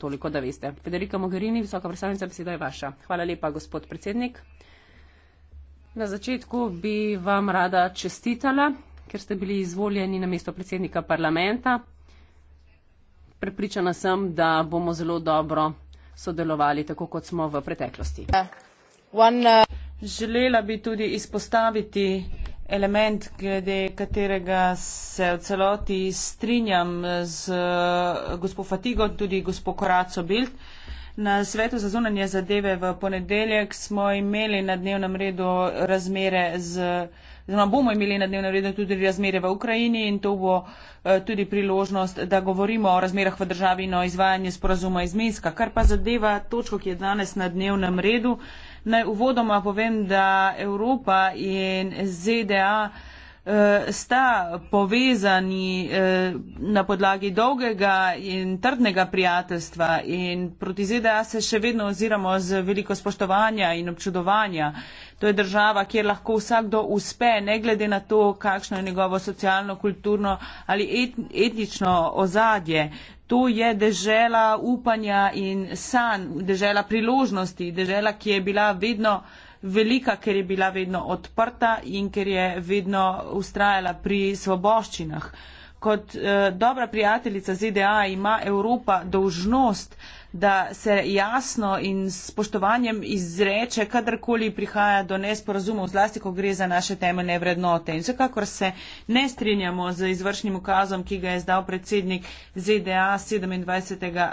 Toliko, da veste. Federica Mogherini, visoka predstavnica, beseda je vaša. Hvala lepa, gospod predsednik. Na začetku bi vam rada čestitala, ker ste bili izvoljeni na mesto predsednika parlamenta. Prepričana sem, da bomo zelo dobro sodelovali, tako kot smo v preteklosti. One, uh... Želela bi tudi izpostaviti element, glede katerega se v celoti strinjam z eh, gospod Fatigo, tudi gospod Koraco Bild. Na svetu za zunanje zadeve v ponedeljek smo imeli na dnevnem redu razmere z. Zdaj bomo imeli na dnevnem redu tudi razmere v Ukrajini in to bo eh, tudi priložnost, da govorimo o razmerah v državi in o izvajanju sporazuma iz Minska. Kar pa zadeva točko, ki je danes na dnevnem redu, Naj uvodoma povem, da Evropa in ZDA eh, sta povezani eh, na podlagi dolgega in trdnega prijateljstva in proti ZDA se še vedno oziramo z veliko spoštovanja in občudovanja. To je država, kjer lahko vsakdo uspe, ne glede na to, kakšno je njegovo socialno, kulturno ali etnično ozadje. To je dežela upanja in sanj, dežela priložnosti, dežela, ki je bila vedno velika, ker je bila vedno odprta in ker je vedno ustrajala pri svoboščinah. Kot eh, dobra prijateljica ZDA ima Evropa dolžnost, da se jasno in spoštovanjem izreče, kadarkoli prihaja do nesporazumov, zlasti, ko gre za naše temeljne vrednote. In vsekakor se ne strinjamo z izvršnim ukazom, ki ga je zdal predsednik ZDA 27.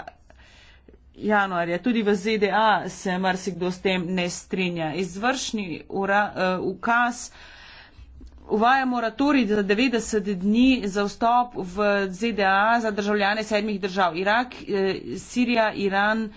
januarja. Tudi v ZDA se marsikdo s tem ne strinja. Izvršni ura, uh, ukaz uvaja moratorij za 90 dni za vstop v ZDA za državljane sedmih držav. Irak, eh, Sirija, Iran,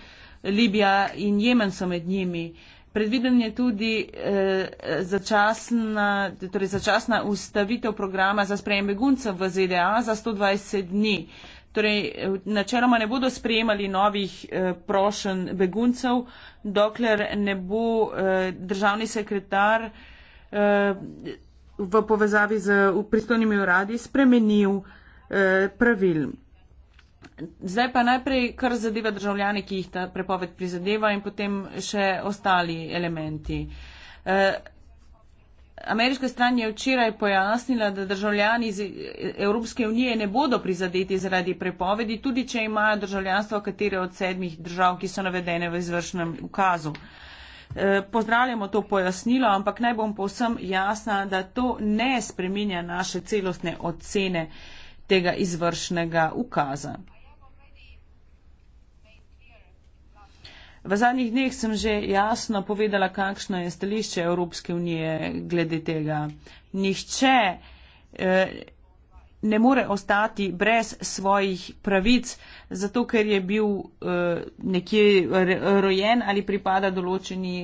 Libija in Jemen so med njimi. Predviden je tudi eh, začasna, torej začasna ustavitev programa za sprejem beguncev v ZDA za 120 dni. Torej, eh, načeloma ne bodo sprejemali novih eh, prošen beguncev, dokler ne bo eh, državni sekretar eh, v povezavi z pristojnimi uradi spremenil eh, pravil. Zdaj pa najprej, kar zadeva državljane, ki jih ta prepoved prizadeva in potem še ostali elementi. Eh, Ameriška stran je včeraj pojasnila, da državljani iz eh, Evropske unije ne bodo prizadeti zaradi prepovedi, tudi če imajo državljanstvo katere od sedmih držav, ki so navedene v izvršnem ukazu. Eh, Eh, pozdravljamo to pojasnilo, ampak naj bom povsem jasna, da to ne spreminja naše celostne ocene tega izvršnega ukaza. V zadnjih dneh sem že jasno povedala, kakšno je stališče Evropske unije glede tega. Nihče. Eh, ne more ostati brez svojih pravic, zato ker je bil eh, nekje rojen ali pripada določeni,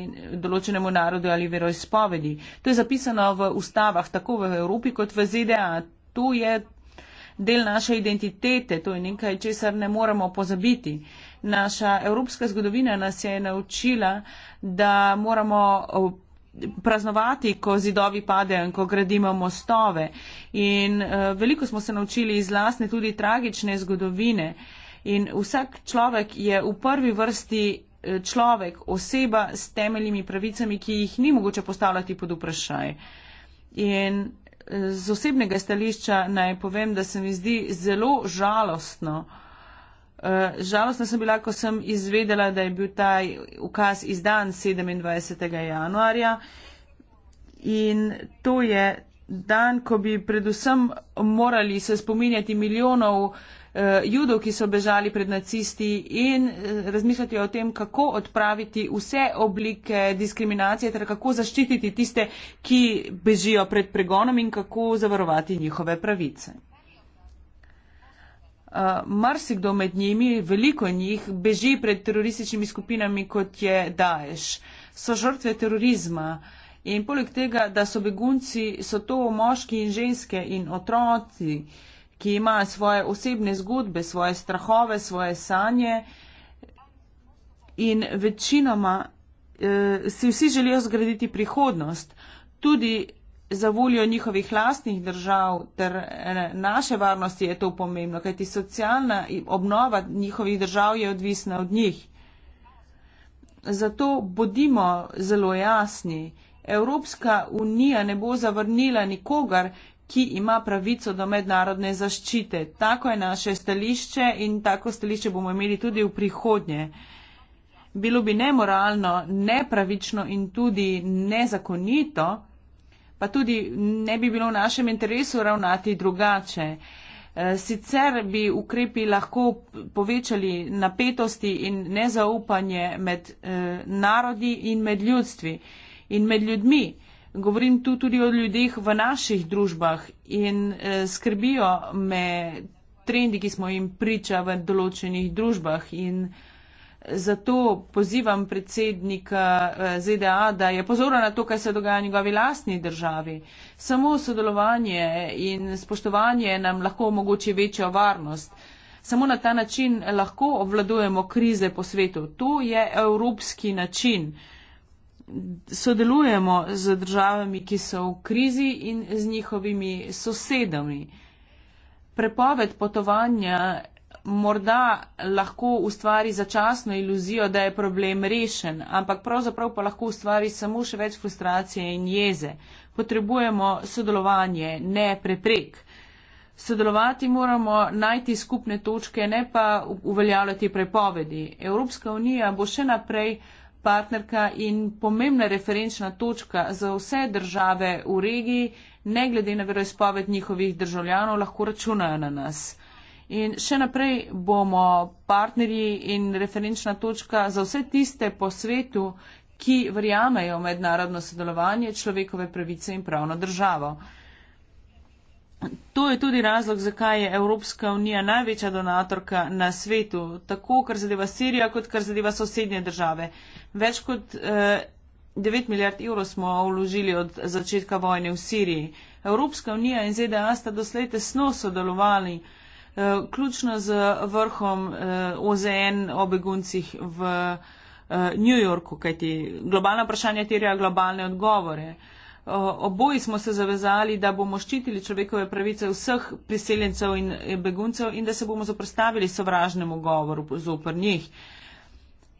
določenemu narodu ali veroizpovedi. To je zapisano v ustavah, tako v Evropi kot v ZDA. To je del naše identitete, to je nekaj, česar ne moremo pozabiti. Naša evropska zgodovina nas je naučila, da moramo praznovati, ko zidovi padejo in ko gradimo mostove. In uh, veliko smo se naučili iz lasne tudi tragične zgodovine. In vsak človek je v prvi vrsti eh, človek, oseba s temeljnimi pravicami, ki jih ni mogoče postavljati pod vprašaj. In eh, z osebnega stališča naj povem, da se mi zdi zelo žalostno, uh, Eh, žalostna sem bila, ko sem izvedela, da je bil ta ukaz izdan 27. januarja in to je dan, ko bi predvsem morali se spominjati milijonov eh, judov, ki so bežali pred nacisti in eh, razmišljati o tem, kako odpraviti vse oblike diskriminacije, ter kako zaščititi tiste, ki bežijo pred pregonom in kako zavarovati njihove pravice. Uh, marsikdo med njimi, veliko njih, beži pred terorističnimi skupinami, kot je Daesh. So žrtve terorizma. In poleg tega, da so begunci, so to moški in ženske in otroci, ki imajo svoje osebne zgodbe, svoje strahove, svoje sanje. In večinoma uh, si vsi želijo zgraditi prihodnost. Tudi za voljo njihovih lastnih držav ter eh, naše varnosti je to pomembno, kajti socialna obnova njihovih držav je odvisna od njih. Zato bodimo zelo jasni. Evropska unija ne bo zavrnila nikogar, ki ima pravico do mednarodne zaščite. Tako je naše stališče in tako stališče bomo imeli tudi v prihodnje. Bilo bi nemoralno, nepravično in tudi nezakonito, pa tudi ne bi bilo v našem interesu ravnati drugače. E, sicer bi ukrepi lahko povečali napetosti in nezaupanje med e, narodi in med ljudstvi in med ljudmi. Govorim tu tudi o ljudeh v naših družbah in e, skrbijo me trendi, ki smo jim priča v določenih družbah in Zato pozivam predsednika eh, ZDA, da je pozoren na to, kaj se dogaja v njegovi lastni državi. Samo sodelovanje in spoštovanje nam lahko omogoči večjo varnost. Samo na ta način lahko obvladujemo krize po svetu. To je evropski način. Sodelujemo z državami, ki so v krizi in z njihovimi sosedami. Prepoved potovanja morda lahko ustvari začasno iluzijo, da je problem rešen, ampak pravzaprav pa lahko ustvari samo še več frustracije in jeze. Potrebujemo sodelovanje, ne preprek. Sodelovati moramo, najti skupne točke, ne pa uveljavljati prepovedi. Evropska unija bo še naprej partnerka in pomembna referenčna točka za vse države v regiji, ne glede na veroizpoved njihovih državljanov, lahko računajo na nas. In še naprej bomo partnerji in referenčna točka za vse tiste po svetu, ki verjamejo mednarodno sodelovanje, človekove pravice in pravno državo. To je tudi razlog, zakaj je Evropska unija največja donatorka na svetu, tako kar zadeva Sirijo, kot kar zadeva sosednje države. Več kot eh, 9 milijard evrov smo vložili od začetka vojne v Siriji. Evropska unija in ZDA sta doslej tesno sodelovali. Eh, ključno z vrhom eh, OZN o beguncih v eh, New Yorku, kajti globalna vprašanja terja globalne odgovore. Oboji smo se zavezali, da bomo ščitili človekove pravice vseh priseljencev in beguncev in da se bomo zaprstavili sovražnemu govoru zopr njih.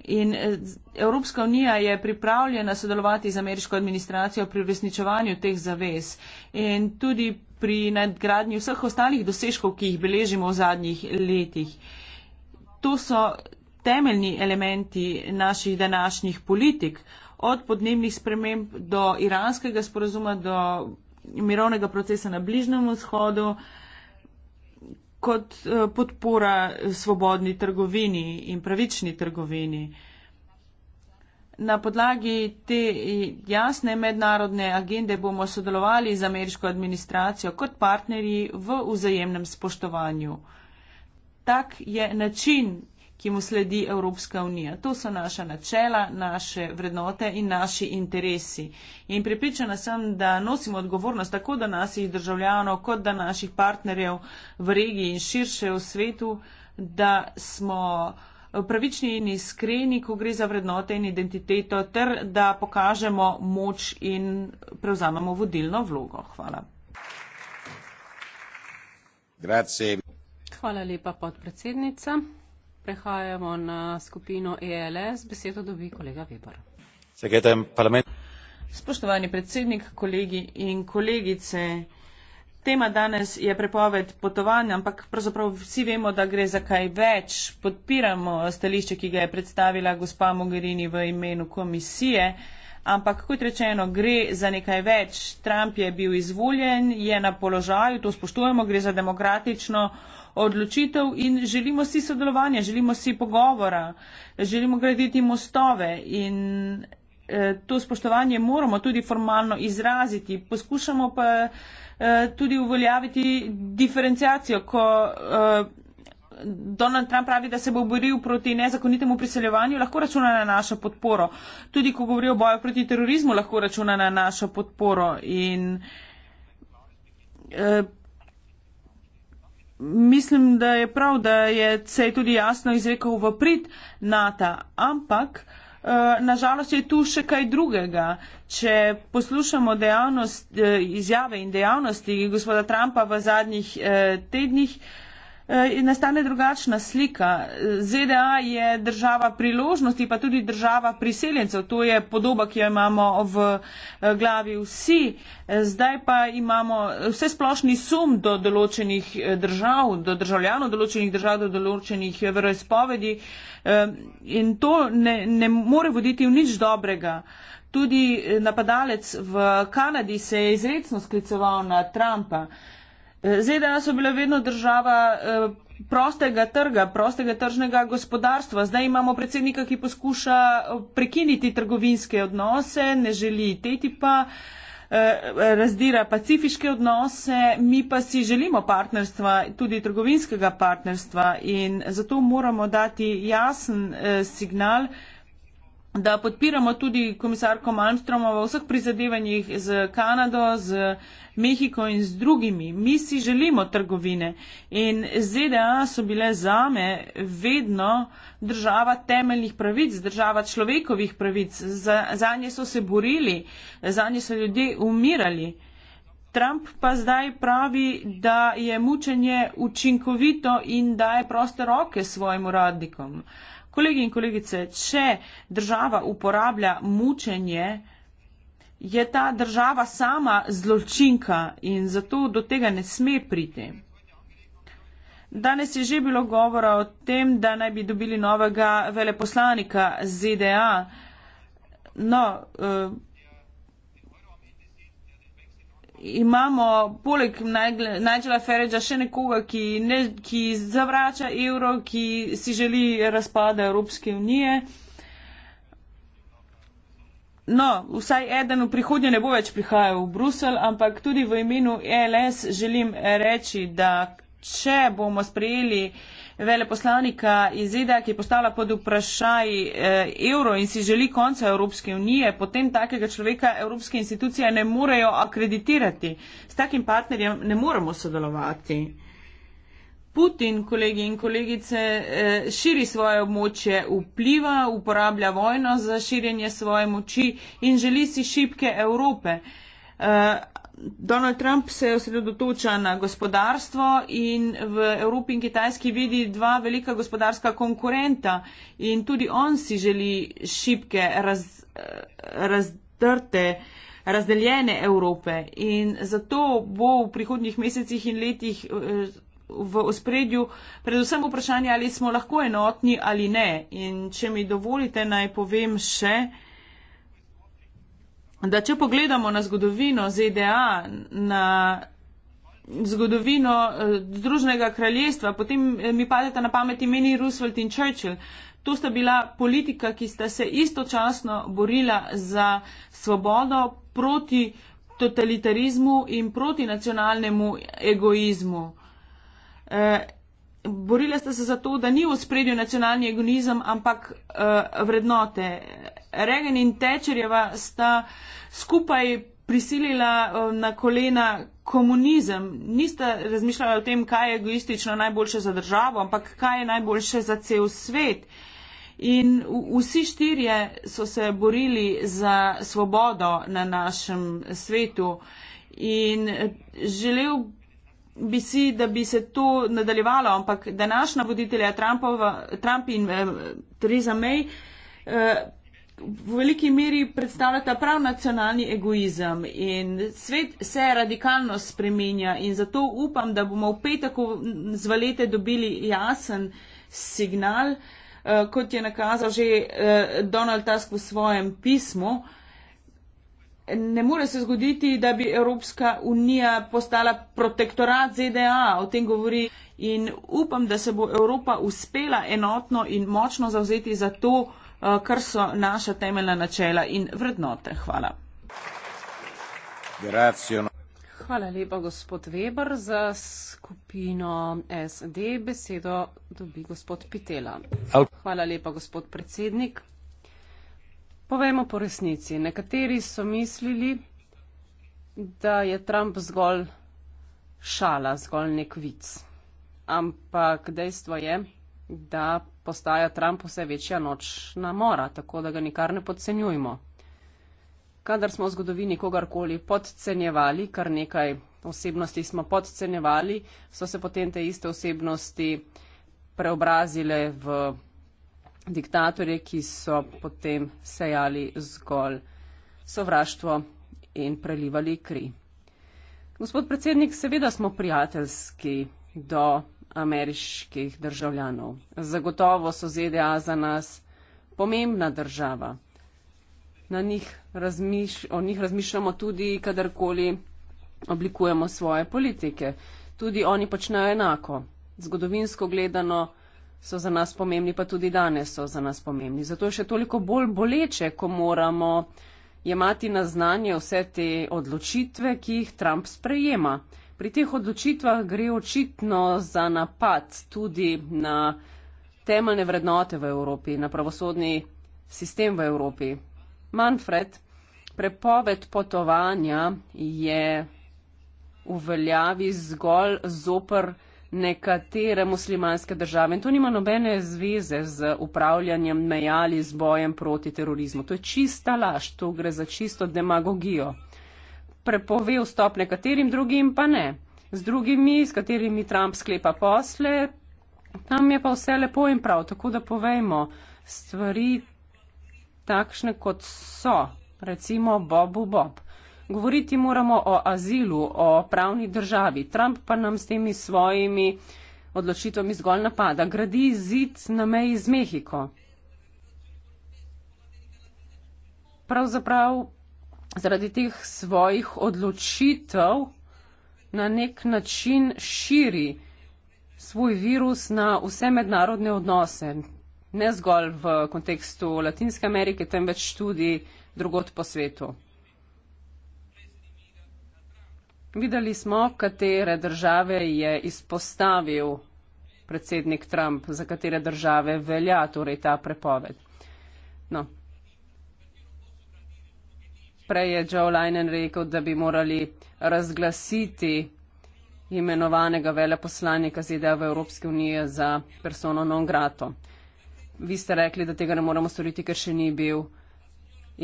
In eh, Evropska unija je pripravljena sodelovati z ameriško administracijo pri resničevanju teh zaves in tudi pri nadgradnji vseh ostalih dosežkov, ki jih beležimo v zadnjih letih. To so temeljni elementi naših današnjih politik, od podnebnih sprememb do iranskega sporazuma, do mirovnega procesa na Bližnem vzhodu, kot eh, podpora svobodni trgovini in pravični trgovini. Na podlagi te jasne mednarodne agende bomo sodelovali z ameriško administracijo kot partnerji v vzajemnem spoštovanju. Tak je način ki mu sledi Evropska unija. To so naša načela, naše vrednote in naši interesi. In pripričana sem, da nosimo odgovornost tako do naših državljanov, kot do naših partnerjev v regiji in širše v svetu, da smo pravični in iskreni, ko gre za vrednote in identiteto, ter da pokažemo moč in prevzamemo vodilno vlogo. Hvala. Grazie. Hvala lepa, podpredsednica. Prehajamo na skupino ELS. Besedo dobi kolega Weber. Spoštovani predsednik, kolegi in kolegice. Tema danes je prepoved potovanja, ampak pravzaprav vsi vemo, da gre za kaj več. Podpiramo stališče, ki ga je predstavila gospa Mogherini v imenu komisije. Uh, ampak kot rečeno, gre za nekaj več. Trump je bil izvoljen, je na položaju, to spoštujemo, gre za demokratično odločitev in želimo si sodelovanja, želimo si pogovora, želimo graditi mostove in eh, to spoštovanje moramo tudi formalno izraziti. Poskušamo pa eh, tudi uveljaviti diferencijacijo, ko eh, Donald Trump pravi, da se bo boril proti nezakonitemu priseljevanju, lahko računa na našo podporo. Tudi, ko govori o boju proti terorizmu, lahko računa na našo podporo. In, eh, Mislim, da je prav, da je, se je tudi jasno izrekel v prid NATO, ampak eh, nažalost je tu še kaj drugega. Če poslušamo dejavnost, eh, izjave in dejavnosti gospoda Trumpa v zadnjih tednih, Eh, in nastane drugačna slika. ZDA je država priložnosti, pa tudi država priseljencev. To je podoba, ki jo imamo v eh, glavi vsi. Eh, zdaj pa imamo vse splošni sum do določenih držav, do državljanov določenih držav, do določenih veroizpovedi in to ne, ne more voditi v nič dobrega. Tudi napadalec v Kanadi se je izredno skliceval na Trumpa. ZDA e so bile vedno država eh, prostega trga, prostega tržnega gospodarstva. Zdaj imamo predsednika, ki poskuša eh, prekiniti trgovinske odnose, ne želi TTIP-a, eh, razdira pacifiške odnose, mi pa si želimo partnerstva, tudi trgovinskega partnerstva in zato moramo dati jasen signal, da podpiramo tudi komisarko Malmstroma v vseh prizadevanjih z Kanado, z Mehiko in z drugimi. Mi si želimo trgovine in ZDA so bile zame vedno država temeljnih pravic, država človekovih pravic. Za, za nje so se borili, za nje so ljudje umirali. Trump pa zdaj pravi, da je mučenje učinkovito in daje proste roke svojim uradnikom. Uh, Kolegi in kolegice, če država uporablja mučenje, je ta država sama zločinka in zato do tega ne sme priti. Danes je že bilo govora o tem, da naj bi dobili novega veleposlanika ZDA. No, uh, imamo poleg Nigela Ferreja še nekoga, ki, ne, ki zavrača evro, ki si želi razpada Evropske unije. No, vsaj eden v prihodnje ne bo več prihajal v Brusel, ampak tudi v imenu ELS želim reči, da če bomo sprejeli eh, veleposlanika iz ZDA, ki je postala pod vprašaj eh, evro in si želi konca Evropske unije, potem takega človeka Evropske institucije ne morejo akreditirati. S takim partnerjem ne moremo sodelovati. Putin, kolegi in kolegice, eh, širi svoje območje vpliva, uporablja vojno za širjenje svoje moči in želi si šipke Evrope. Eh, Donald Trump se osredotoča na gospodarstvo in v Evropi in Kitajski vidi dva velika gospodarska konkurenta in tudi on si želi šibke, raz, razdrte, razdeljene Evrope. In zato bo v prihodnjih mesecih in letih eh, v ospredju predvsem vprašanje, ali smo lahko enotni ali ne. In če mi dovolite, naj povem še, da če pogledamo na zgodovino ZDA, na zgodovino eh, Združenega kraljestva, potem eh, mi padeta na pamet imeni Roosevelt in Churchill. To sta bila politika, ki sta se istočasno borila za svobodo proti totalitarizmu in proti nacionalnemu egoizmu. E, borila sta se za to, da ni v spredju nacionalni egoizem, ampak e, vrednote. Regen in Tečerjeva sta skupaj prisilila eh, na kolena komunizem. Nista razmišljala o tem, kaj je egoistično najboljše za državo, ampak kaj je najboljše za cel svet. In vsi štirje so se borili za svobodo na našem svetu. In eh, želel bi si, da bi se to nadaljevalo, ampak današnja voditelja Trumpova, Trump in eh, Theresa May eh, v veliki meri predstavljata prav nacionalni egoizem in svet se radikalno spremenja in zato upam, da bomo v petek zvalete dobili jasen signal, eh, kot je nakazal že eh, Donald Tusk v svojem pismu. Ne more se zgoditi, da bi Evropska unija postala protektorat ZDA, o tem govori. In upam, da se bo Evropa uspela enotno in močno zavzeti za to, Eh, kar so naša temeljna načela in vrednote. Hvala. Hvala lepa, gospod Weber. Za skupino SD besedo dobi gospod Pitela. Hvala lepa, gospod predsednik. Povejmo po resnici. Nekateri so mislili, da je Trump zgolj šala, zgolj nek vic. Ampak dejstvo je, da postaja Trump vse večja nočna mora, tako da ga nikar ne podcenjujmo. Kadar smo v zgodovini kogarkoli podcenjevali, kar nekaj osebnosti smo podcenjevali, so se potem te iste osebnosti preobrazile v diktatorje, ki so potem sejali zgolj sovraštvo in prelivali kri. Gospod predsednik, seveda smo prijateljski do ameriških državljanov. Zagotovo so ZDA za nas pomembna država. Njih o njih razmišljamo tudi, kadarkoli oblikujemo svoje politike. Tudi oni počnejo enako. Zgodovinsko gledano so za nas pomembni, pa tudi danes so za nas pomembni. Zato je še toliko bolj boleče, ko moramo jemati na znanje vse te odločitve, ki jih Trump sprejema. Pri teh odločitvah gre očitno za napad tudi na temeljne vrednote v Evropi, na pravosodni sistem v Evropi. Manfred, prepoved potovanja je v veljavi zgolj zoper nekatere muslimanske države in to nima nobene zveze z upravljanjem meja ali z bojem proti terorizmu. To je čista laž, to gre za čisto demagogijo prepove vstop nekaterim drugim, pa ne. Z drugimi, s katerimi Trump sklepa posle, tam je pa vse lepo in prav, tako da povejmo stvari takšne, kot so, recimo Bobu Bob. Govoriti moramo o azilu, o pravni državi. Trump pa nam s temi svojimi odločitvami zgolj napada. Gradi zid na meji z Mehiko. Pravzaprav zaradi teh svojih odločitev na nek način širi svoj virus na vse mednarodne odnose, ne zgolj v kontekstu Latinske Amerike, temveč tudi drugot po svetu. Videli smo, katere države je izpostavil predsednik Trump, za katere države velja torej ta prepoved. No, Prej je Joe Leinen rekel, da bi morali razglasiti imenovanega veleposlanika ZDA v Evropske unije za persono non grato. Vi ste rekli, da tega ne moramo storiti, ker še ni bil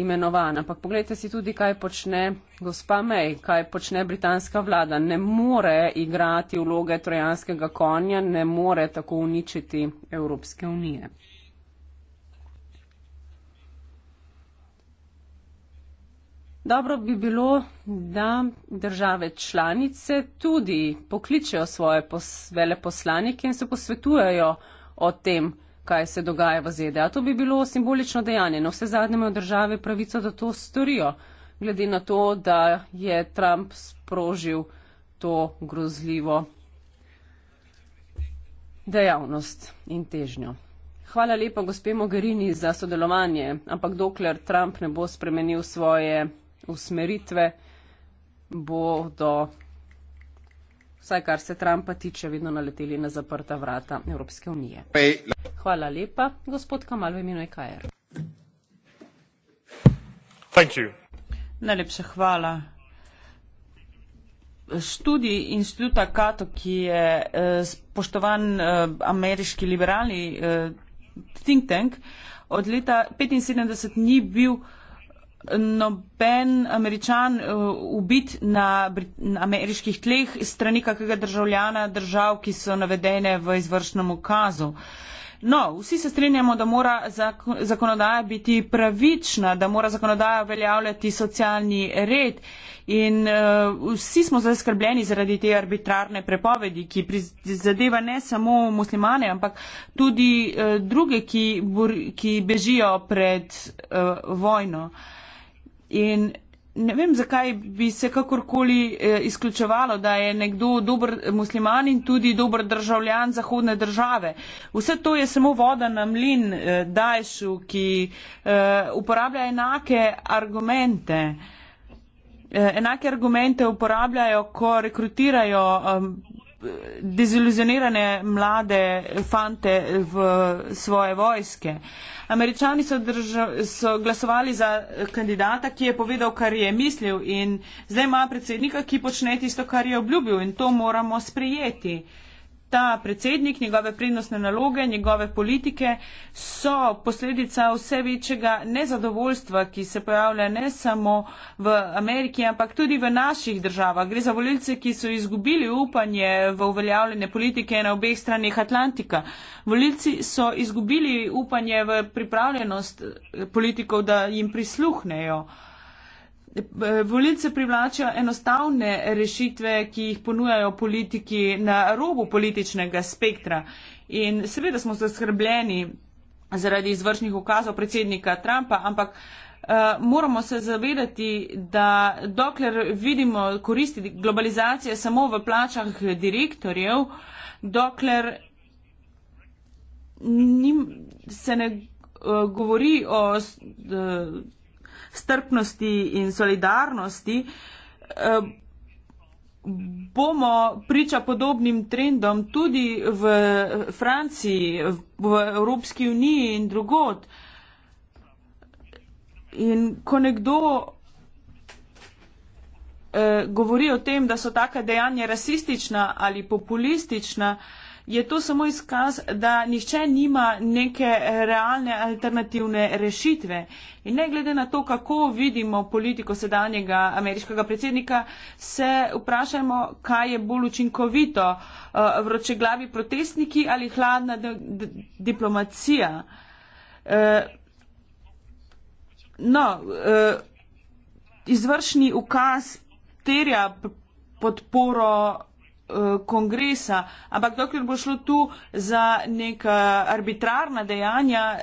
imenovan. Ampak pogledajte si tudi, kaj počne gospa May, kaj počne britanska vlada. Ne more igrati vloge trojanskega konja, ne more tako uničiti Evropske unije. Dobro bi bilo, da države članice tudi pokličejo svoje veleposlanike in se posvetujejo o tem, kaj se dogaja v ZDA. To bi bilo simbolično dejanje. No, na vse zadnje imajo države pravico, da to storijo, glede na to, da je Trump sprožil to grozljivo dejavnost in težnjo. Hvala lepa, gospe Mogherini, za sodelovanje, ampak dokler Trump ne bo spremenil svoje usmeritve bodo, vsaj kar se Trumpa tiče, vedno naleteli na zaprta vrata Evropske unije. Hvala lepa, gospod Kamal v imenu EKR. Najlepša hvala. Študij inštituta Kato, ki je eh, spoštovan eh, ameriški liberalni eh, think tank, od leta 1975 ni bil noben američan eh, ubit na ameriških tleh strani kakega državljana držav, ki so navedene v izvršnem ukazu. No, vsi se strinjamo, da mora zakonodaja biti pravična, da mora zakonodaja veljavljati socialni red in uh, vsi smo zaskrbljeni zaradi te arbitrarne prepovedi, ki zadeva ne samo muslimane, ampak tudi uh, druge, ki, ki bežijo pred uh, vojno. Uh, In ne vem, zakaj bi se kakorkoli eh, izključevalo, da je nekdo dober musliman in tudi dober državljan zahodne države. Vse to je samo voda na mlin eh, Dajšu, ki eh, uporablja enake argumente. Enake argumente uporabljajo, ko rekrutirajo deziluzionirane mlade fante v svoje vojske. Uh, Američani so, držav, so glasovali za kandidata, ki je povedal, kar je mislil in zdaj ima predsednika, ki počne tisto, kar je obljubil in to moramo sprejeti. Uh, ta predsednik, njegove prednostne naloge, njegove politike so posledica vse večjega nezadovoljstva, ki se pojavlja ne samo v Ameriki, ampak tudi v naših državah. Gre za voljivce, ki so izgubili upanje v uveljavljene politike na obeh stranih Atlantika. Voljivci so izgubili upanje v pripravljenost politikov, da jim prisluhnejo volilce privlačijo enostavne rešitve, ki jih ponujajo politiki na robu političnega spektra. In seveda smo zaskrbljeni zaradi izvršnih ukazov predsednika Trumpa, ampak eh, moramo se zavedati, da dokler vidimo koristi globalizacije samo v plačah direktorjev, dokler se ne eh, govori o eh, strpnosti in solidarnosti, eh, bomo priča podobnim trendom tudi v Franciji, v Evropski uniji in drugod. In ko nekdo eh, govori o tem, da so take dejanja rasistična ali populistična, je to samo izkaz, da nihče nima neke eh, realne alternativne rešitve. In ne glede na to, kako vidimo politiko sedanjega ameriškega predsednika, se vprašajmo, kaj je bolj učinkovito, eh, vročeglavi protestniki ali hladna diplomacija. Eh, no, izvršni ukaz terja podporo Eh, kongresa, ampak dokler bo šlo tu za neka arbitrarna dejanja,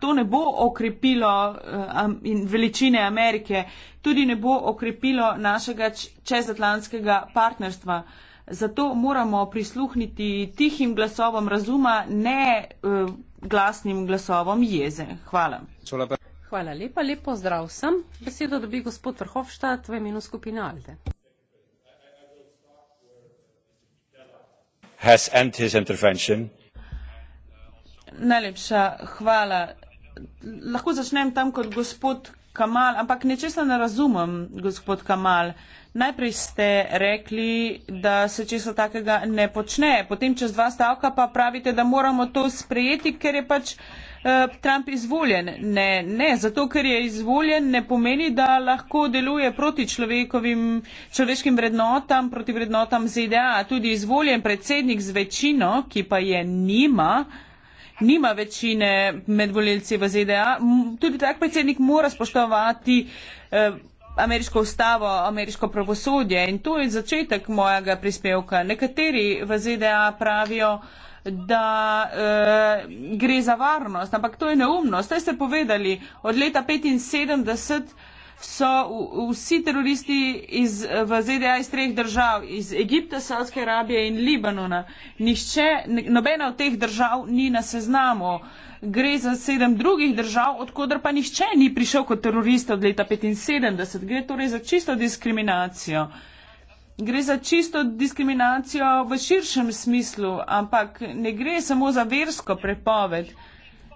to ne bo okrepilo eh, veličine Amerike, tudi ne bo okrepilo našega čezatlantskega partnerstva. Zato moramo prisluhniti tihim glasovom razuma, ne eh, glasnim glasovom jeze. Hvala. Hvala lepa, lepo zdrav vsem. Besedo dobi gospod Vrhovštat v imenu skupine Alde. Najlepša hvala. Lahko začnem tam kot gospod Kamal, ampak nečesa ne razumem, gospod Kamal. Najprej ste rekli, da se česa takega ne počne, potem čez dva stavka pa pravite, da moramo to sprejeti, ker je pač. Eh, Trump izvoljen? Ne, ne, zato ker je izvoljen, ne pomeni, da lahko deluje proti človeškim vrednotam, proti vrednotam ZDA. Tudi izvoljen predsednik z večino, ki pa je nima, nima večine med voljivci v ZDA, tudi tak predsednik mora spoštovati. Eh, ameriško ustavo, ameriško pravosodje in to je začetek mojega prispevka. Nekateri v ZDA pravijo, da e, gre za varnost, ampak to je neumnost. Saj ste povedali, od leta 75 so v, vsi teroristi iz, v ZDA iz treh držav, iz Egipta, Saudske Arabije in Libanona. Nišče, nobena od teh držav ni na seznamu. Gre za sedem drugih držav, odkudar pa nišče ni prišel kot terorist od leta 75. Gre torej za čisto diskriminacijo gre za čisto diskriminacijo v širšem smislu, ampak ne gre samo za versko prepoved.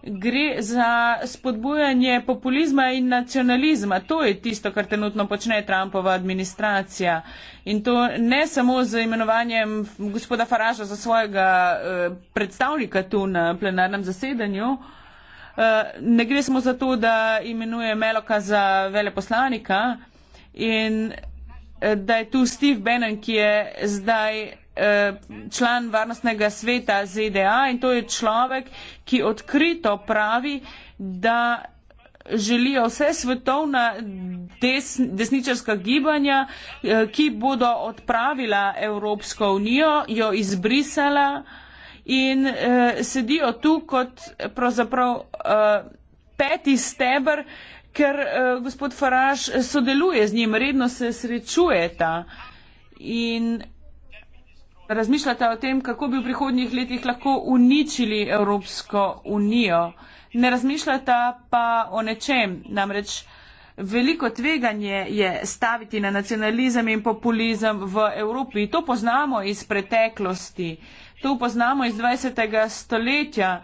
Gre za spodbujanje populizma in nacionalizma. To je tisto, kar trenutno počne Trumpova administracija. In to ne samo z imenovanjem gospoda Faraža za svojega eh, predstavnika tu na plenarnem zasedanju. Eh, ne gre samo za to, da imenuje Meloka za veleposlanika. In da je tu Steve Bannon, ki je zdaj eh, član varnostnega sveta ZDA in to je človek, ki odkrito pravi, da želijo vse svetovna des, desničarska gibanja, eh, ki bodo odpravila Evropsko unijo, jo izbrisala in eh, sedijo tu kot pravzaprav peti stebr ker uh, gospod Faraž eh, sodeluje z njim, redno se srečujeta in razmišljata o tem, kako bi v prihodnjih letih lahko uničili Evropsko unijo. Ne razmišljata pa o nečem, namreč veliko tveganje je staviti na nacionalizem in populizem v Evropi. To poznamo iz preteklosti, to poznamo iz 20. stoletja.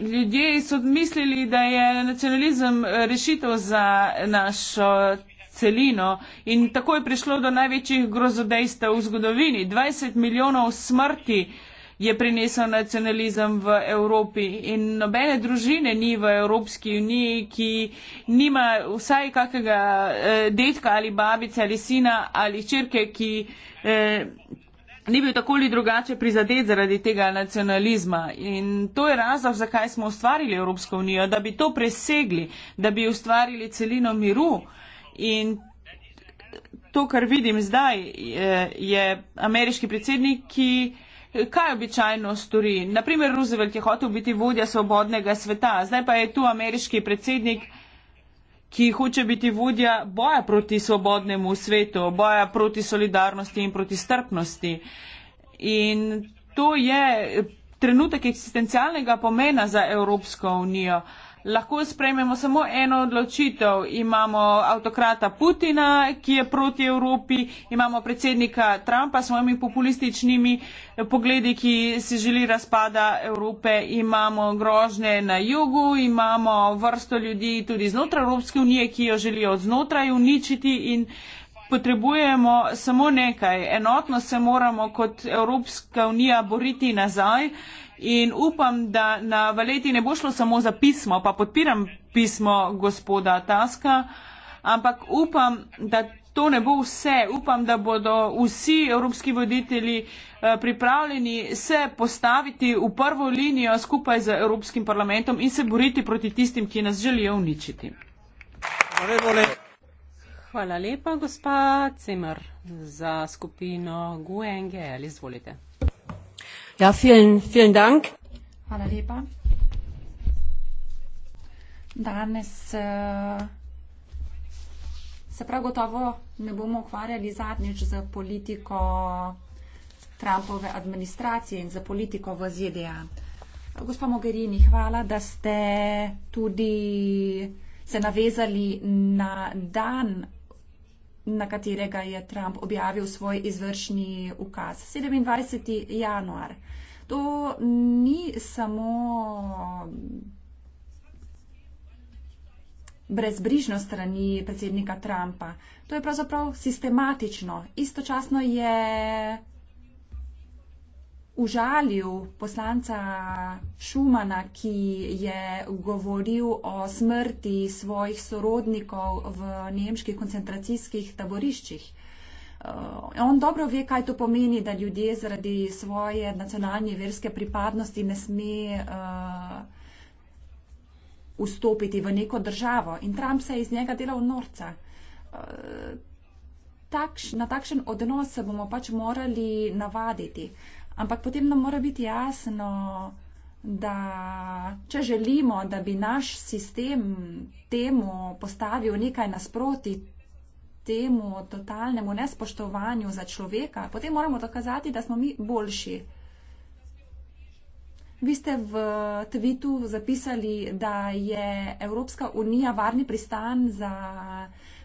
Ljudje so mislili, da je nacionalizem eh, rešitev za našo celino in tako je prišlo do največjih grozodejstev v zgodovini. 20 milijonov smrti je prinesel nacionalizem v Evropi in nobene družine ni v Evropski uniji, ki nima vsaj kakega eh, detka ali babice ali sina ali črke, ki eh, ni bil tako ali drugače prizadet zaradi tega nacionalizma. In to je razlog, zakaj smo ustvarili Evropsko unijo, da bi to presegli, da bi ustvarili celino miru. In to, kar vidim zdaj, je ameriški predsednik, ki kaj običajno stori. Naprimer, Roosevelt je hotel biti vodja svobodnega sveta, zdaj pa je tu ameriški predsednik, ki hoče biti vodja boja proti svobodnemu svetu, boja proti solidarnosti in proti strpnosti. In to je trenutek eksistencialnega pomena za Evropsko unijo. Uh, lahko sprejmemo samo eno odločitev. Imamo avtokrata Putina, ki je proti Evropi, imamo predsednika Trumpa s svojimi populističnimi eh, pogledi, ki si želi razpada Evrope, imamo grožnje na jugu, imamo vrsto ljudi tudi znotraj Evropske unije, ki jo želijo znotraj uničiti in uh, potrebujemo samo nekaj. Enotno se moramo kot Evropska unija boriti nazaj in upam, da na valeti ne bo šlo samo za pismo, pa podpiram pismo gospoda Taska, ampak upam, da to ne bo vse. Upam, da bodo vsi evropski voditelji eh, pripravljeni se postaviti v prvo linijo skupaj z Evropskim parlamentom in se boriti proti tistim, ki nas želijo uničiti. Hvala lepa. Hvala lepa, gospa Cemr, za skupino GUE-NGL. Izvolite. Ja, vielen, vielen Dank. Hvala lepa. Danes, eh, se prav gotovo ne bomo ukvarjali zadnjič s politiko Trumpove administracije in s politiko v ZDA. Gospa Mogherini, hvala, da ste tudi se navezali na dan na katerega je Trump objavil svoj izvršni ukaz 27. januar. To ni samo mm, brezbrižno strani predsednika Trumpa. To je pravzaprav sistematično. Istočasno je užalil poslanca Šumana, ki je govoril o smrti svojih sorodnikov v nemških koncentracijskih taboriščih. Eh, on dobro ve, kaj to pomeni, da ljudje zaradi svoje nacionalne verske pripadnosti ne sme uh, vstopiti v neko državo in Trump se je iz njega delal norca. Uh, takš, na takšen odnos se bomo pač morali navaditi. Uh, Ampak potem nam mora biti jasno, da če želimo, da bi naš sistem temu postavil nekaj nasproti temu totalnemu nespoštovanju za človeka, potem moramo dokazati, da smo mi boljši. Vi ste v tvitu zapisali, da je Evropska unija varni pristan za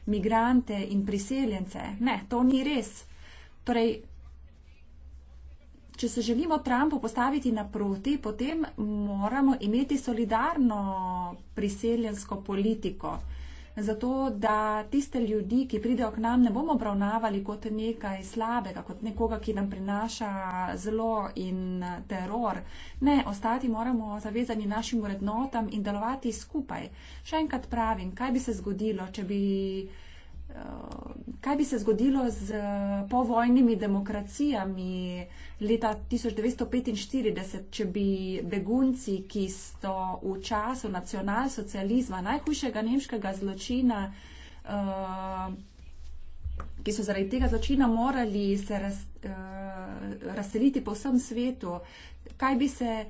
migrante in priseljence. Ne, to ni res. Torej, če se želimo Trumpu postaviti naproti, potem moramo imeti solidarno priseljensko politiko. Zato, da tiste ljudi, ki pridejo k nam, ne bomo obravnavali kot nekaj slabega, kot nekoga, ki nam prinaša zlo in teror. Ne, ostati moramo zavezani našim vrednotam in delovati skupaj. Še enkrat pravim, kaj bi se zgodilo, če bi Eh, kaj bi se zgodilo z povojnimi demokracijami leta 1945, če bi begunci, ki so v času nacionalsocializma, najhujšega nemškega zločina, eh, ki so zaradi tega zločina morali se raz, eh, razseliti po vsem svetu, kaj bi se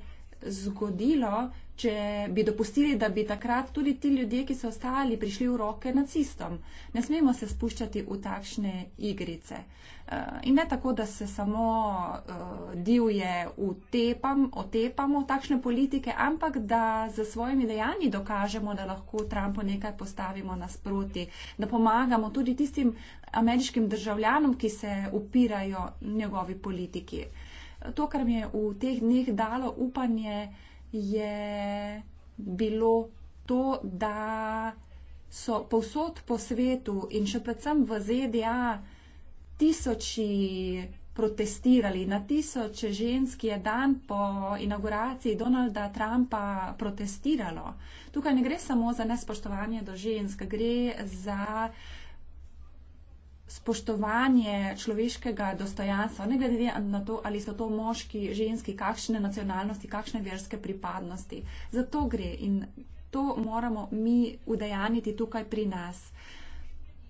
zgodilo, če bi dopustili, da bi takrat tudi ti ljudje, ki so ostali, prišli v roke nacistom. Ne smemo se spuščati v takšne igrice. Eh, in ne tako, da se samo eh, divje utepam, otepamo takšne politike, ampak da z svojimi dejanji dokažemo, da lahko Trumpu nekaj postavimo nasproti, da pomagamo tudi tistim ameriškim državljanom, ki se upirajo njegovi politiki to, kar mi je v teh dneh dalo upanje, je bilo to, da so povsod po svetu in še predvsem v ZDA tisoči protestirali. Na tisoče ženski je dan po inauguraciji Donalda Trumpa protestiralo. Tukaj ne gre samo za nespoštovanje do žensk, gre za uh, spoštovanje človeškega dostojanstva, ne glede na to, ali so to moški, ženski, kakšne nacionalnosti, kakšne verske pripadnosti. Zato gre in to moramo mi udejaniti tukaj pri nas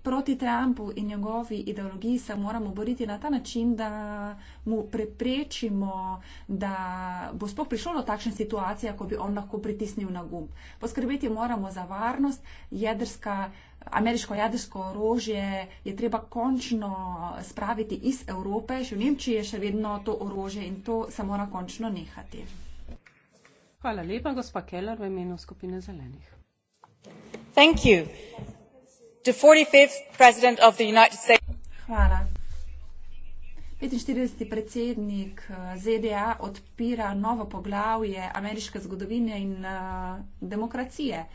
proti Trumpu in njegovi ideologiji se moramo boriti na ta način, da mu preprečimo, da bo sploh prišlo do takšne situacije, ko bi on lahko pritisnil na gumb. Poskrbeti moramo za varnost, jedrska, ameriško jedrsko orožje je treba končno spraviti iz Evrope, še v Nemčiji je še vedno to orožje in to se mora končno nehati. Hvala lepa, gospa Keller v imenu skupine zelenih. Thank you. Hvala. Petinštirideseti predsednik eh, ZDA odpira novo poglavje ameriške zgodovine in eh, demokracije.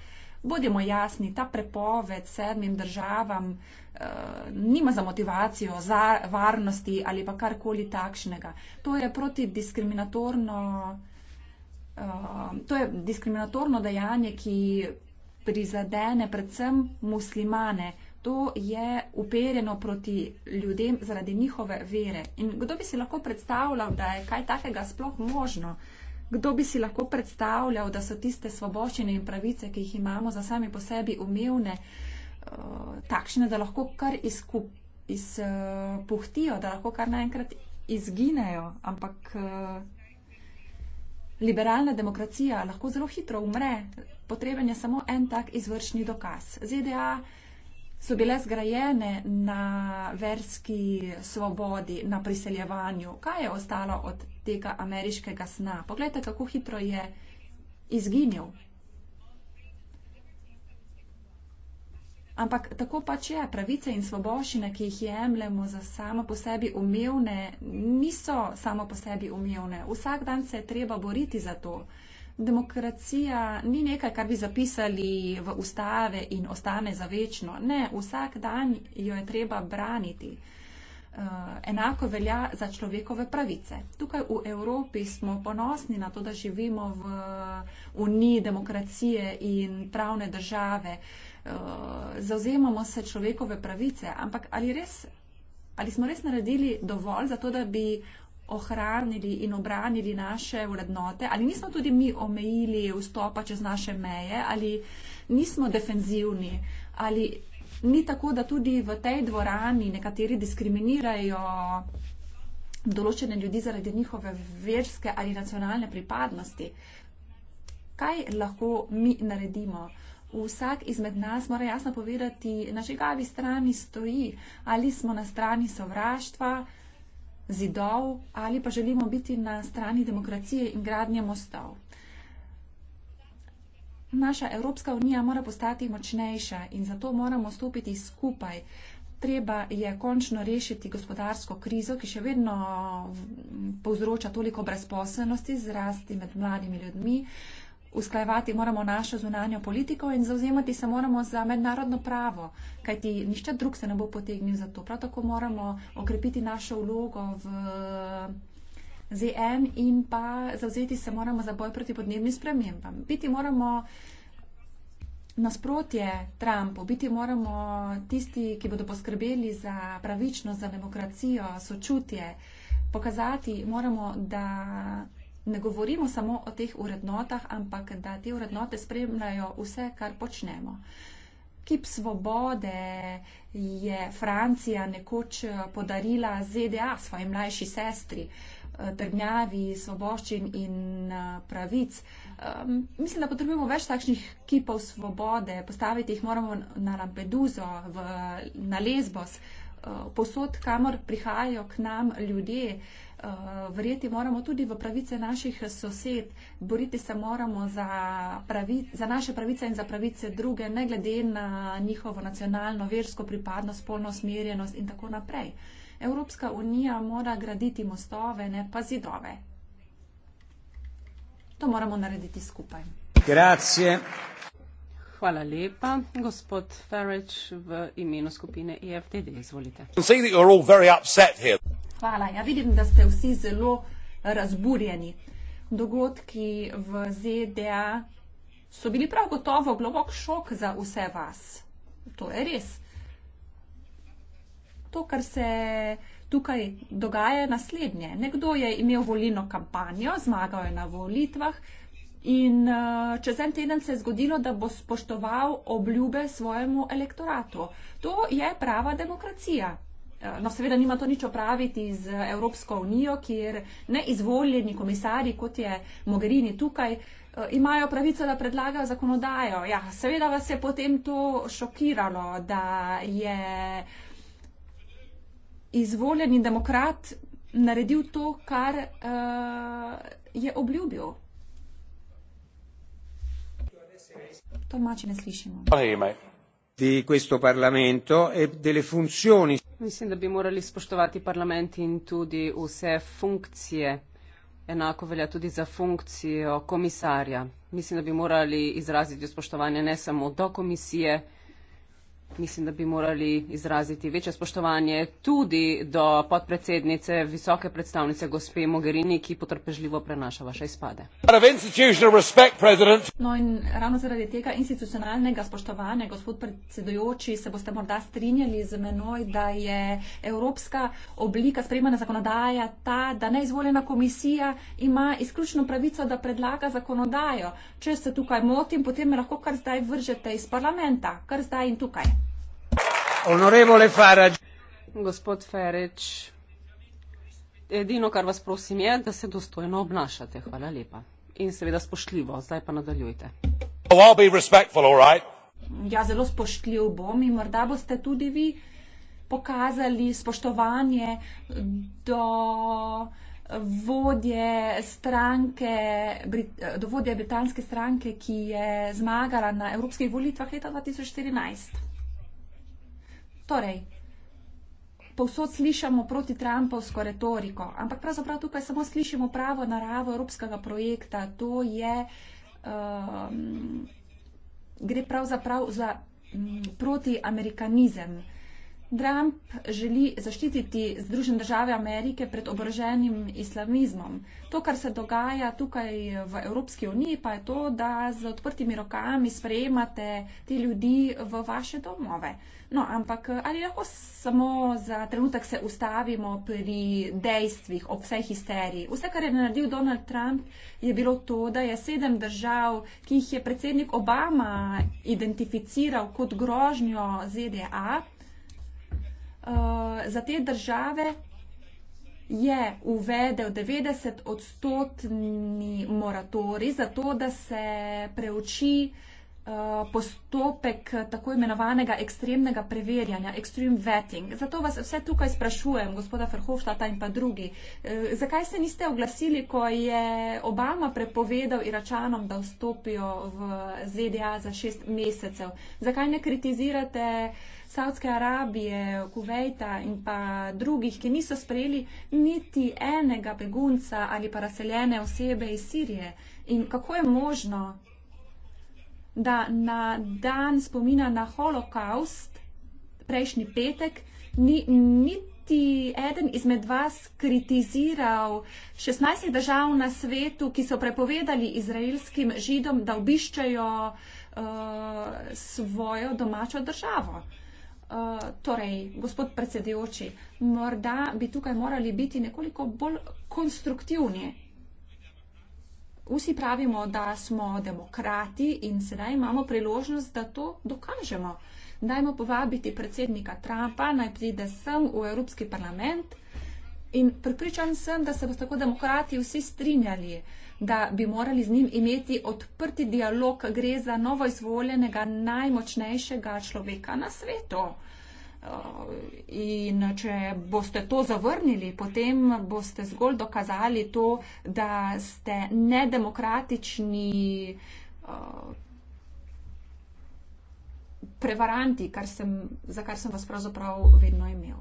Bodimo jasni, ta prepoved sedmim državam eh, nima za motivacijo za varnosti ali pa karkoli takšnega. To je protidiskriminatorno, to je diskriminatorno dejanje, ki prizadene predvsem muslimane. To je uperjeno proti ljudem zaradi njihove vere. In kdo bi si lahko predstavljal, da je kaj takega sploh možno? Kdo bi si lahko predstavljal, da so tiste svoboščine in pravice, ki jih imamo za sami po sebi umevne, eh, takšne, da lahko kar izpuhtijo, eh, da lahko kar naenkrat izginejo, ampak eh, liberalna demokracija lahko zelo hitro umre, potreben je samo en tak izvršni dokaz. ZDA so bile zgrajene na verski svobodi, na priseljevanju. Kaj je ostalo od tega ameriškega sna? Poglejte, kako hitro je izginil. Ampak tako pač je, pravice in svoboščine, ki jih jemljemo za samo po sebi umevne, niso samo po sebi umevne. Vsak dan se je treba boriti za to. Demokracija ni nekaj, kar bi zapisali v ustave in ostane za večno. Ne, vsak dan jo je treba braniti. Eh, enako velja za človekove pravice. Tukaj v Evropi smo ponosni na to, da živimo v uniji demokracije in pravne države. Eh, zauzemamo se človekove pravice, ampak ali, res, ali smo res naredili dovolj za to, da bi ohranili in obranili naše vrednote, ali nismo tudi mi omejili vstopa čez naše meje, ali nismo defenzivni, ali ni tako, da tudi v tej dvorani nekateri diskriminirajo določene ljudi zaradi njihove verske ali nacionalne pripadnosti. Kaj lahko mi naredimo? vsak izmed nas mora jasno povedati, na čigavi strani stoji, ali smo na strani sovraštva, zidov, ali pa želimo biti na strani demokracije in gradnje mostov. Naša Evropska unija mora postati močnejša in zato moramo stopiti skupaj. Treba je končno rešiti gospodarsko krizo, ki še vedno povzroča toliko brezposelnosti, zrasti med mladimi ljudmi. Uh, usklajevati moramo našo zunanjo politiko in zauzemati se moramo za mednarodno pravo, kajti nišče drug se ne bo potegnil za to. Prav tako moramo okrepiti našo vlogo v ZN in pa zauzeti se moramo za boj proti podnebnim spremembam. Biti moramo nasprotje Trumpu, biti moramo tisti, ki bodo poskrbeli za pravičnost, za demokracijo, sočutje, pokazati moramo, da ne govorimo samo o teh urednotah, ampak da te urednote spremljajo vse, kar počnemo. Kip svobode je Francija nekoč eh, podarila ZDA svoji mlajši sestri, eh, trdnjavi svoboščin in eh, pravic. Mislim, da potrebujemo več takšnih kipov svobode, postaviti jih moramo na Lampeduzo, v, na Lesbos, posod, kamor prihajajo k nam ljudje, Eh, verjeti moramo tudi v pravice naših sosed, boriti se moramo za, pravi, za naše pravice in za pravice druge, ne glede na njihovo nacionalno, versko pripadnost, spolno smerjenost in tako naprej. Evropska unija mora graditi mostove, ne pa zidove. To moramo narediti skupaj. Grazie. Hvala lepa. Gospod Farage v imenu skupine EFTD, izvolite hvala. Ja, vidim, da ste vsi zelo razburjeni. Dogodki v ZDA so bili prav gotovo globok šok za vse vas. To je res. To, kar se tukaj dogaja, je naslednje. Nekdo je imel volilno kampanjo, zmagal je na volitvah in eh, čez en teden se je zgodilo, da bo spoštoval obljube svojemu elektoratu. To je prava demokracija. Eh, no, seveda nima to nič opraviti z Evropsko unijo, kjer neizvoljeni komisari, kot je Mogherini tukaj, eh, imajo pravico, da predlagajo zakonodajo. Ja, seveda vas je potem to šokiralo, da je izvoljeni demokrat naredil to, kar uh, je obljubil. To mače ne slišimo. Oh, hey, di questo parlamento e delle funzioni. Mislim, da bi morali spoštovati parlament in tudi vse funkcije. Enako velja tudi za funkcijo komisarja. Mislim, da bi morali izraziti spoštovanje ne samo do komisije, mislim, da bi morali izraziti večje spoštovanje tudi do podpredsednice, visoke predstavnice gospe Mogherini, ki potrpežljivo prenaša vaše izpade. No in ravno zaradi tega institucionalnega spoštovanja, gospod predsedujoči, se boste morda strinjali z menoj, da je evropska oblika sprejmanja zakonodaja ta, da neizvoljena komisija ima izključno pravico, da predlaga zakonodajo. Če se tukaj motim, potem me lahko kar zdaj vržete iz parlamenta, kar zdaj in tukaj. Gospod Ferič, edino, kar vas prosim, je, da se dostojno obnašate. Hvala lepa. In seveda spoštljivo. Zdaj pa nadaljujte. Oh, ja, zelo spoštljiv bom in morda boste tudi vi pokazali spoštovanje do vodje stranke, do vodje britanske stranke, ki je zmagala na evropskih volitvah leta 2014. Torej, povsod slišimo protitrumpovsko retoriko, ampak pravzaprav tukaj samo slišimo pravo naravo evropskega projekta. To je, um, gre pravzaprav za um, protiamerikanizem. Trump želi zaščititi Združene države Amerike pred oboroženim islamizmom. To, kar se dogaja tukaj v Evropski uniji, pa je to, da z odprtimi rokami sprejemate te ljudi v vaše domove. No, ampak ali lahko samo za trenutek se ustavimo pri dejstvih o vsej histeriji? Vse, kar je naredil Donald Trump, je bilo to, da je sedem držav, ki jih je predsednik Obama identificiral kot grožnjo ZDA, Eh, za te države je uvedel 90 odstotni moratori za to, da se preuči eh, postopek tako imenovanega ekstremnega preverjanja, extreme vetting. Zato vas vse tukaj sprašujem, gospoda Ferhofštata in pa drugi, eh, zakaj se niste oglasili, ko je Obama prepovedal Iračanom, da vstopijo v ZDA za šest mesecev? Zakaj ne kritizirate uh, Saudske Arabije, Kuvejta in pa drugih, ki niso sprejeli niti enega begunca ali pa razseljene osebe iz Sirije. In kako je možno, da na dan spomina na holokaust prejšnji petek ni niti eden izmed vas kritiziral 16 držav na svetu, ki so prepovedali izraelskim židom, da obiščajo uh, eh, svojo domačo državo. Uh, Uh, torej, gospod predsedujoči, morda bi tukaj morali biti nekoliko bolj konstruktivni. Vsi pravimo, da smo demokrati in sedaj imamo priložnost, da to dokažemo. Dajmo povabiti predsednika Trumpa, naj pride sem v Evropski parlament in pripričan sem, da se boste kot demokrati vsi strinjali. Uh, da bi morali z njim imeti odprti dialog, gre za novo izvoljenega najmočnejšega človeka na svetu. Uh, in če boste to zavrnili, potem boste zgolj dokazali to, da ste nedemokratični uh, prevaranti, kar sem, za kar sem vas pravzaprav vedno imel.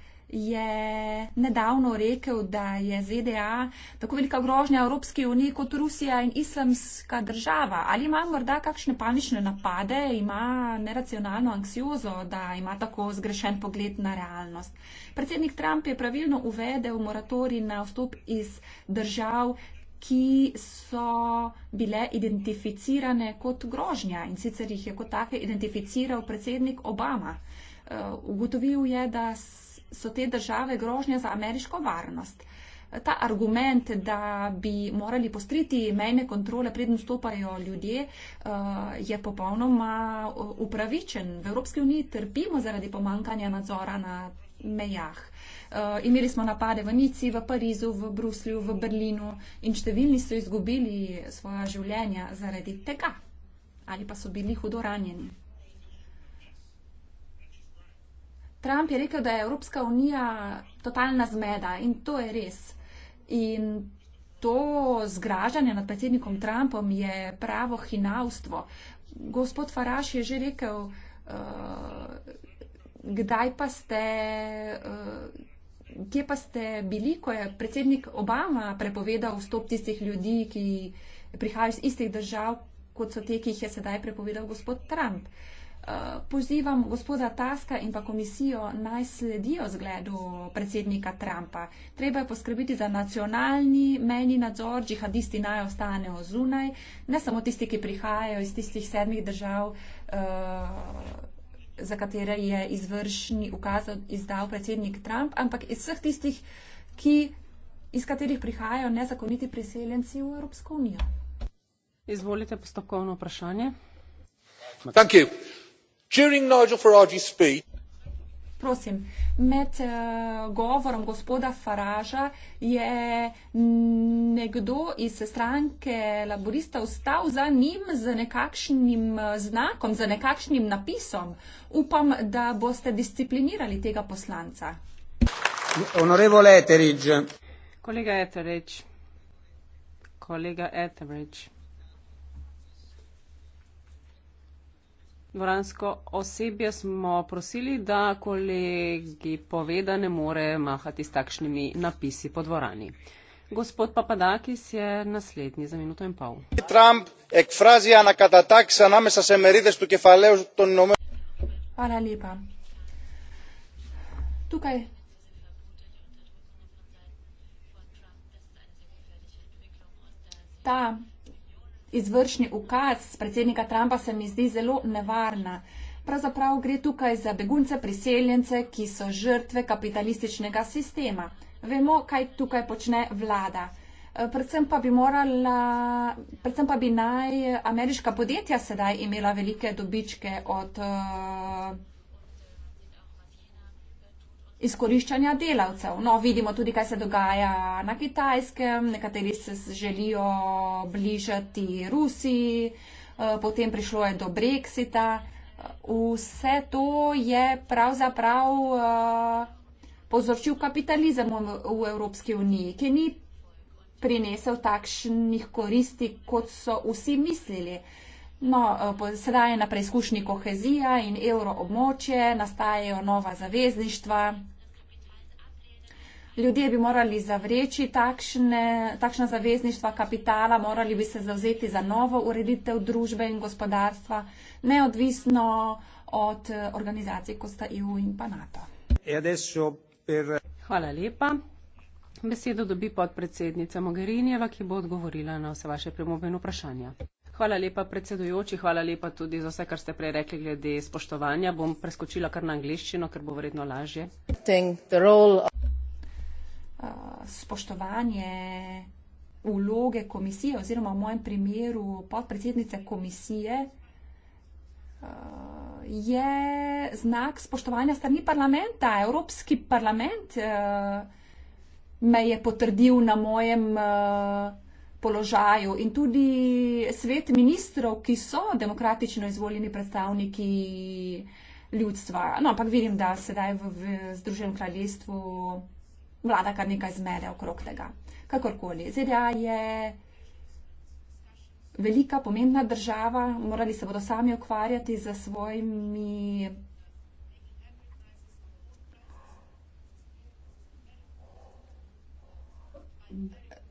je nedavno rekel, da je ZDA tako velika grožnja Evropski uniji kot Rusija in islamska država. Ali ima morda kakšne panične napade, ima neracionalno anksiozo, da ima tako zgrešen pogled na realnost? Predsednik Trump je pravilno uvedel moratori na vstop iz držav, ki so bile identificirane kot grožnja in sicer jih je kot take identificiral predsednik Obama. Eh, ugotovil je, da so te države grožnja za ameriško varnost. Ta argument, da bi morali postriti mejne kontrole, predn vstopajo ljudje, eh, je popolnoma eh, upravičen. V Evropski uniji trpimo zaradi pomankanja nadzora na mejah. Eh, imeli smo napade v Nici, v Parizu, v Bruslju, v Berlinu in številni so izgubili svoja življenja zaradi tega ali pa so bili hudo ranjeni. Trump je rekel, da je Evropska unija totalna zmeda in to je res. In to zgražanje nad predsednikom Trumpom je pravo hinavstvo. Gospod Faraš je že rekel, uh, kdaj pa ste, uh, kje pa ste bili, ko je predsednik Obama prepovedal vstop tistih ljudi, ki prihajajo iz istih držav, kot so te, ki jih je sedaj prepovedal gospod Trump. Uh, pozivam gospoda Taska in pa komisijo naj sledijo zgledu predsednika Trumpa. Treba je poskrbiti za nacionalni meni nadzor, džihadisti naj ostanejo zunaj, ne samo tisti, ki prihajajo iz tistih sedmih držav, uh, za katere je izvršni ukaz izdal predsednik Trump, ampak iz vseh tistih, ki, iz katerih prihajajo nezakoniti priseljenci v Evropsko unijo. Izvolite postopkovno vprašanje. Thank you. During Nigel Farage's speech, Prosim, med uh, govorom gospoda Faraža je nekdo iz stranke laborista ostal za njim z nekakšnim eh, znakom, z nekakšnim napisom. Upam, da boste disciplinirali tega poslanca. Kolega Eterič, kolega Eterič, Dvoransko osebje smo prosili, da kolegi pove, da ne more mahati s takšnimi napisi po dvorani. Gospod Papadakis je naslednji za minuto in pol. Trump ekfrazija na katataksa namesa se meride stu kefaleo to nome. Hvala lepa. Tukaj. Tam izvršni ukaz predsednika Trumpa se mi zdi zelo nevarna. Pravzaprav gre tukaj za begunce, priseljence, ki so žrtve kapitalističnega sistema. Vemo, kaj tukaj počne vlada. Eh, predvsem pa bi morala, predvsem pa bi naj ameriška podjetja sedaj imela velike dobičke od uh, izkoriščanja delavcev. No, vidimo tudi, kaj se dogaja na kitajskem, nekateri se želijo bližati Rusiji, eh, potem prišlo je do Brexita. Vse to je pravzaprav eh, povzročil kapitalizem v Evropski uniji, ki ni prinesel takšnih koristi, kot so vsi mislili. No, eh, sedaj je na preizkušnji kohezija in evroobmočje, nastajajo nova zavezništva ljudje bi morali zavreči takšne, takšna zavezništva kapitala, morali bi se zavzeti za novo ureditev družbe in gospodarstva, neodvisno od organizacij, kot sta EU in pa NATO. E hvala lepa. Besedo dobi podpredsednica Mogherinjeva, ki bo odgovorila na vse vaše premobene vprašanja. Hvala lepa, predsedujoči, hvala lepa tudi za vse, kar ste prej rekli glede spoštovanja. Bom preskočila kar na angliščino, ker bo verjetno lažje spoštovanje vloge komisije oziroma v mojem primeru podpredsednice komisije uh, je znak spoštovanja strani parlamenta. Evropski parlament uh, me je potrdil na mojem uh, položaju in tudi svet ministrov, ki so demokratično izvoljeni predstavniki ljudstva. No, ampak vidim, da sedaj v, v Združenem kraljestvu vlada kar nekaj zmede okrog tega. Kakorkoli, ZDA je velika, pomembna država, morali se bodo sami ukvarjati z svojimi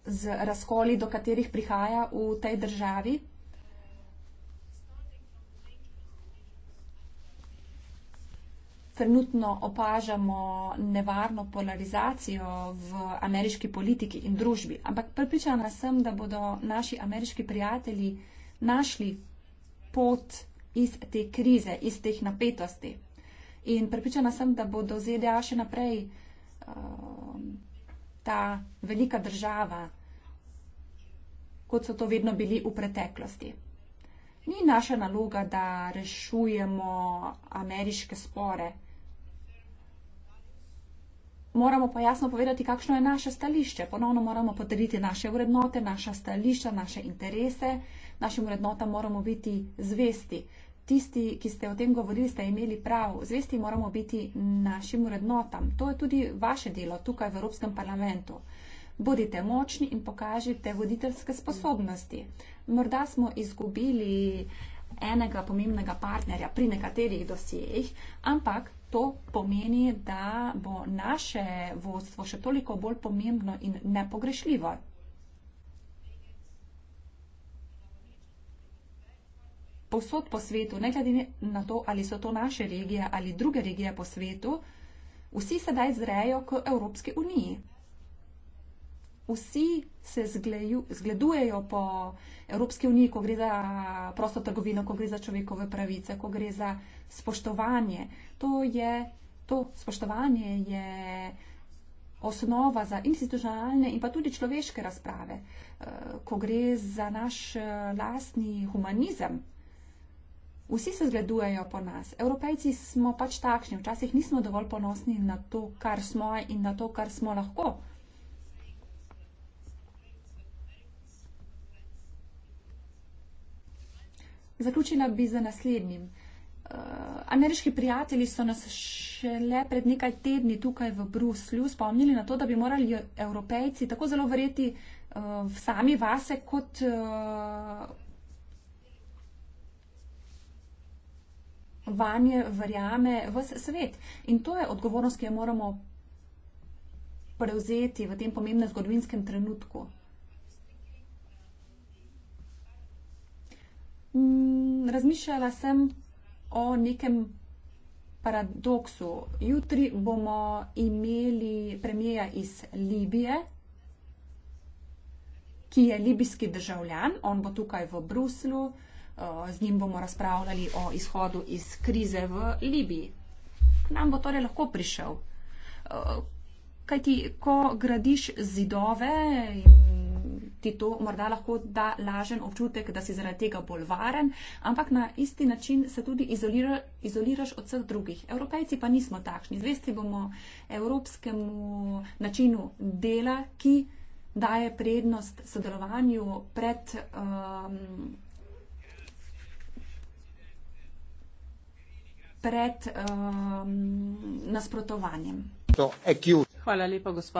z razkoli, do katerih prihaja v tej državi. trenutno opažamo nevarno polarizacijo v ameriški politiki in družbi. Ampak pripričana sem, da bodo naši ameriški prijatelji našli pot iz te krize, iz teh napetosti. In pripričana sem, da bodo ZDA še naprej uh, ta velika država, kot so to vedno bili v preteklosti. Ni naša naloga, da rešujemo ameriške spore moramo pa jasno povedati, kakšno je naše stališče. Ponovno moramo potrditi naše vrednote, naša stališča, naše interese. Našim vrednotam moramo biti zvesti. Tisti, ki ste o tem govorili, ste imeli prav. Zvesti moramo biti našim vrednotam. To je tudi vaše delo tukaj v Evropskem parlamentu. Bodite močni in pokažite voditeljske sposobnosti. Morda smo izgubili enega pomembnega partnerja pri nekaterih dosjejih, ampak To pomeni, da bo naše vodstvo še toliko bolj pomembno in nepogrešljivo. Posod po svetu, ne glede na to, ali so to naše regije ali druge regije po svetu, vsi sedaj zrejo k Evropski uniji vsi se zgleju, zgledujejo po Evropski uniji, ko gre za prosto trgovino, ko gre za človekove pravice, ko gre za spoštovanje. To, je, to spoštovanje je osnova za institucionalne in pa tudi človeške razprave. Eh, ko gre za naš eh, lastni humanizem, vsi se zgledujejo po nas. Evropejci smo pač takšni, včasih nismo dovolj ponosni na to, kar smo in na to, kar smo lahko. Zaključila bi za naslednjim. Eh, ameriški prijatelji so nas šele pred nekaj tedni tukaj v Bruslju spomnili na to, da bi morali evropejci tako zelo verjeti eh, v sami vase, kot eh, vanje verjame v svet. In to je odgovornost, ki jo moramo prevzeti v tem pomembnem zgodovinskem trenutku. Mm, razmišljala sem o nekem paradoksu. Jutri bomo imeli premijeja iz Libije, ki je libijski državljan. On bo tukaj v Bruslu. Z njim bomo razpravljali o izhodu iz krize v Libiji. K nam bo torej lahko prišel. Kaj ti, ko gradiš zidove in ti to morda lahko da lažen občutek, da si zaradi tega bolj varen, ampak na isti način se tudi izolira, izoliraš od vseh drugih. Evropejci pa nismo takšni. Zvesti bomo evropskemu načinu dela, ki daje prednost sodelovanju pred. Um, pred um, nasprotovanjem. Hvala lepa, gospod.